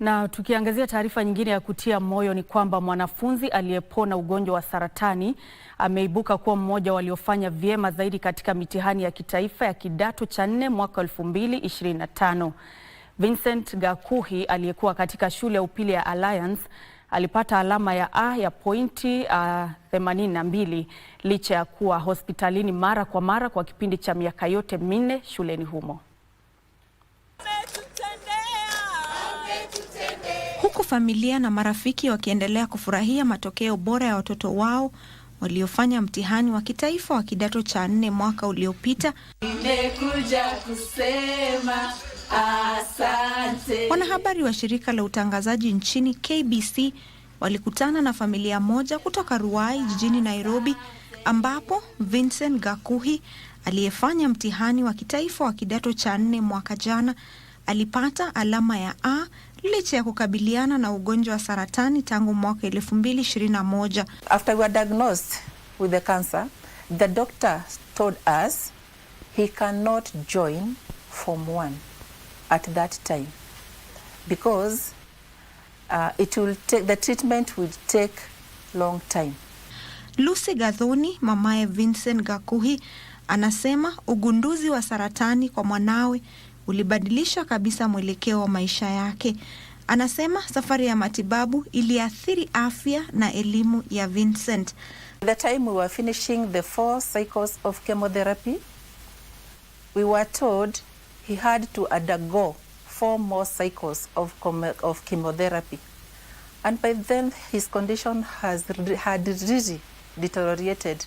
Na tukiangazia taarifa nyingine ya kutia moyo ni kwamba mwanafunzi aliyepona ugonjwa wa saratani ameibuka kuwa mmoja waliofanya vyema zaidi katika mitihani ya kitaifa ya kidato cha nne mwaka 2025. Vincent Gakuhi aliyekuwa katika shule ya upili ya Alliance alipata alama ya A ya pointi uh, 82 licha ya kuwa hospitalini mara kwa mara kwa kipindi cha miaka yote minne shuleni humo. huku familia na marafiki wakiendelea kufurahia matokeo bora ya watoto wao waliofanya mtihani wa kitaifa wa kidato cha nne mwaka uliopita. Nimekuja kusema asante. Wanahabari wa shirika la utangazaji nchini KBC walikutana na familia moja kutoka Ruai jijini Nairobi, ambapo Vincent Gakuhi aliyefanya mtihani wa kitaifa wa kidato cha nne mwaka jana Alipata alama ya A licha ya kukabiliana na ugonjwa wa saratani tangu mwaka 2021. After we were diagnosed with the cancer, the doctor told us he cannot join form 1 at that time because uh, it will take the treatment will take long time. Lucy Gathoni mamaye Vincent Gakuhi anasema ugunduzi wa saratani kwa mwanawe ulibadilisha kabisa mwelekeo wa maisha yake. Anasema safari ya matibabu iliathiri afya na elimu ya Vincent. The time we were finishing the four cycles of chemotherapy, we were told he had to undergo four more cycles of, of chemotherapy. And by then his condition has, had really deteriorated.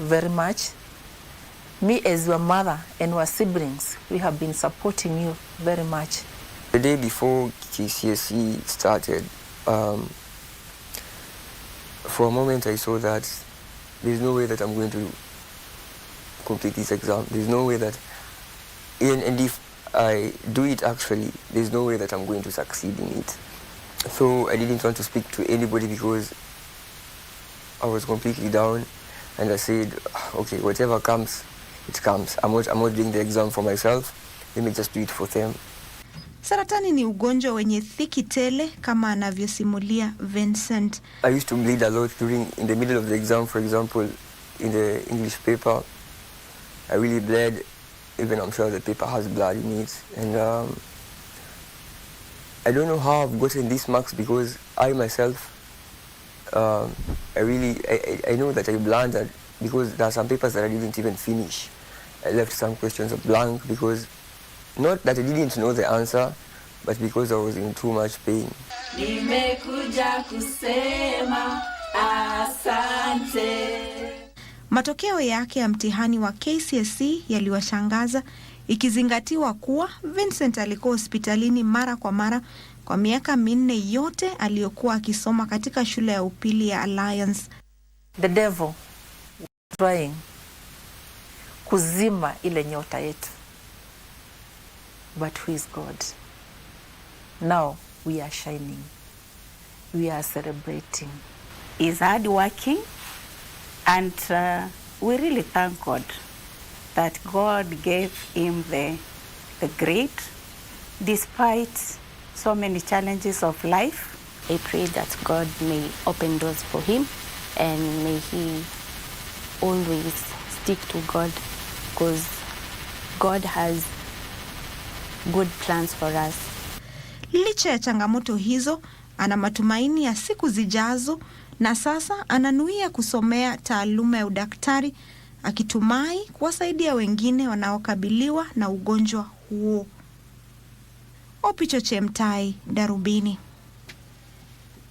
very much. Me as your mother and your siblings, we have been supporting you very much. The day before KCSE started, um, for a moment I saw that there's no way that I'm going to complete this exam. There's no way that, and, and if I do it actually, there's no way that I'm going to succeed in it. So I didn't want to speak to anybody because I was completely down. and I said, okay, whatever comes, it comes. I'm not, I'm not doing the exam for myself. Let me just do it for them. Saratani ni ugonjwa wenye thiki tele kama anavyosimulia Vincent. I used to bleed a lot during in the middle of the exam for example in the English paper. I really bled even I'm sure the paper has blood in it and um, I don't know how I've gotten these marks because I myself uh, I really I, I know that I blundered because there are some papers that I didn't even finish. I left some questions blank because not that I didn't know the answer, but because I was in too much pain. Matokeo yake ya mtihani wa KCSE yaliwashangaza ikizingatiwa kuwa Vincent alikuwa hospitalini mara kwa mara kwa miaka minne yote aliyokuwa akisoma katika shule ya upili ya Alliance. The devil was trying kuzima ile nyota yetu, but who is God now we are shining, we are celebrating is hard working and uh, we really thank God that God gave him the, the grit despite so many challenges of life. I pray that God may open doors for him and may he always stick to God because God has good plans for us. Licha ya changamoto hizo, ana matumaini ya siku zijazo na sasa ananuia kusomea taaluma ya udaktari akitumai kuwasaidia wengine wanaokabiliwa na ugonjwa huo. Opicho Chemtai, Darubini.